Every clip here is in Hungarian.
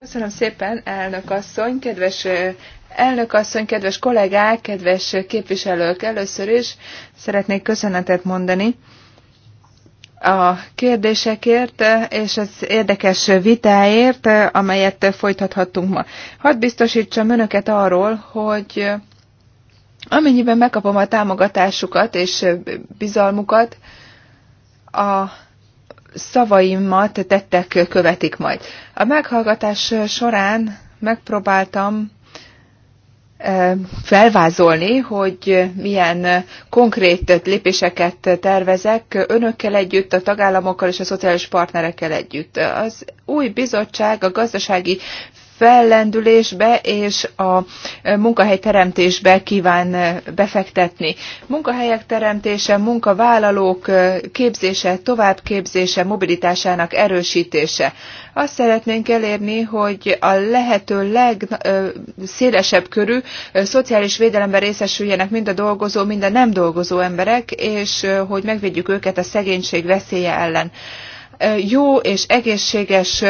Köszönöm szépen, elnök asszony, kedves Elnök asszony, kedves kollégák, kedves képviselők, először is szeretnék köszönetet mondani a kérdésekért és az érdekes vitáért, amelyet folytathattunk ma. Hadd biztosítsam önöket arról, hogy amennyiben megkapom a támogatásukat és bizalmukat, a szavaimat tettek követik majd. A meghallgatás során megpróbáltam e, felvázolni, hogy milyen konkrét lépéseket tervezek önökkel együtt, a tagállamokkal és a szociális partnerekkel együtt. Az új bizottság a gazdasági fellendülésbe és a munkahelyteremtésbe kíván befektetni. Munkahelyek teremtése, munkavállalók képzése, továbbképzése, mobilitásának erősítése. Azt szeretnénk elérni, hogy a lehető legszélesebb körű szociális védelemben részesüljenek mind a dolgozó, mind a nem dolgozó emberek, és hogy megvédjük őket a szegénység veszélye ellen jó és egészséges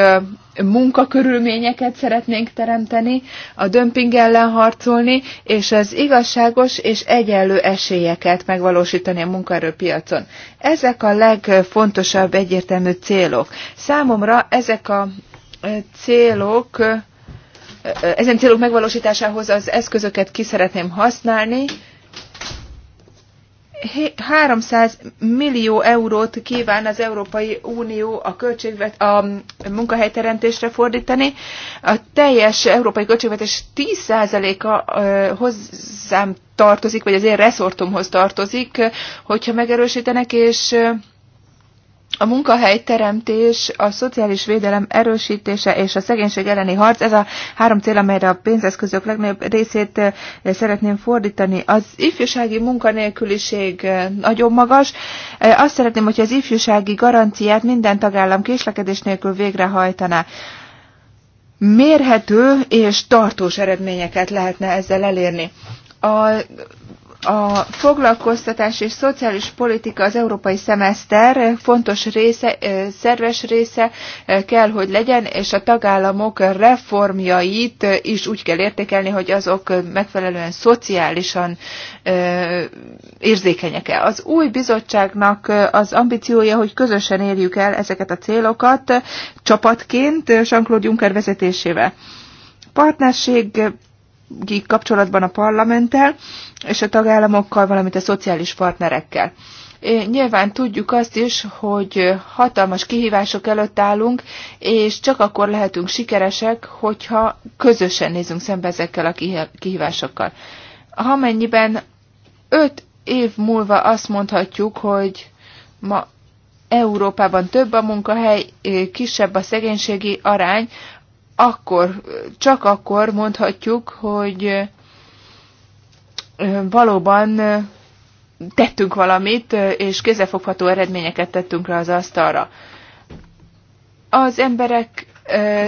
munkakörülményeket szeretnénk teremteni, a dömping ellen harcolni, és az igazságos és egyenlő esélyeket megvalósítani a munkaerőpiacon. Ezek a legfontosabb egyértelmű célok. Számomra ezek a célok, ezen célok megvalósításához az eszközöket ki szeretném használni, 300 millió eurót kíván az Európai Unió a, költségvet, a munkahelyteremtésre fordítani. A teljes európai költségvetés 10%-a hozzám tartozik, vagy az én reszortomhoz tartozik, hogyha megerősítenek, és a munkahelyteremtés, a szociális védelem erősítése és a szegénység elleni harc, ez a három cél, amelyre a pénzeszközök legnagyobb részét eh, szeretném fordítani. Az ifjúsági munkanélküliség eh, nagyon magas. Eh, azt szeretném, hogyha az ifjúsági garanciát minden tagállam késlekedés nélkül végrehajtaná. Mérhető és tartós eredményeket lehetne ezzel elérni. A a foglalkoztatás és szociális politika az európai szemeszter fontos része, szerves része kell, hogy legyen, és a tagállamok reformjait is úgy kell értékelni, hogy azok megfelelően szociálisan érzékenyek-e. Az új bizottságnak az ambíciója, hogy közösen érjük el ezeket a célokat csapatként Jean-Claude Juncker vezetésével. Partnerség kapcsolatban a parlamenttel és a tagállamokkal, valamint a szociális partnerekkel. Nyilván tudjuk azt is, hogy hatalmas kihívások előtt állunk, és csak akkor lehetünk sikeresek, hogyha közösen nézünk szembe ezekkel a kihívásokkal. Ha mennyiben öt év múlva azt mondhatjuk, hogy ma Európában több a munkahely, kisebb a szegénységi arány, akkor, csak akkor mondhatjuk, hogy valóban tettünk valamit, és kézzelfogható eredményeket tettünk le az asztalra. Az emberek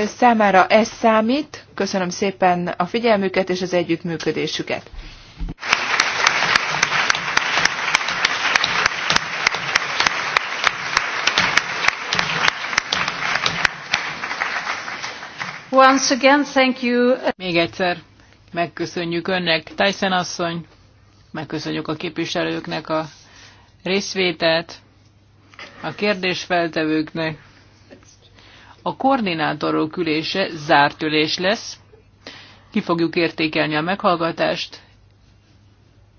számára ez számít. Köszönöm szépen a figyelmüket és az együttműködésüket. Once again, thank you. Még egyszer megköszönjük önnek, Tyson asszony, megköszönjük a képviselőknek a részvételt, a kérdésfeltevőknek. A koordinátorok ülése zárt ülés lesz. Ki fogjuk értékelni a meghallgatást.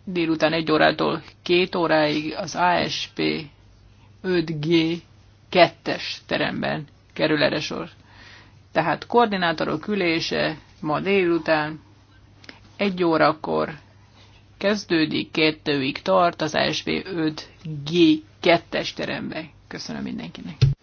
Délután egy órától két óráig az ASP 5G 2-es teremben kerül erre sor. Tehát koordinátorok ülése ma délután egy órakor kezdődik, kettőig tart az sb 5G2-es teremben. Köszönöm mindenkinek!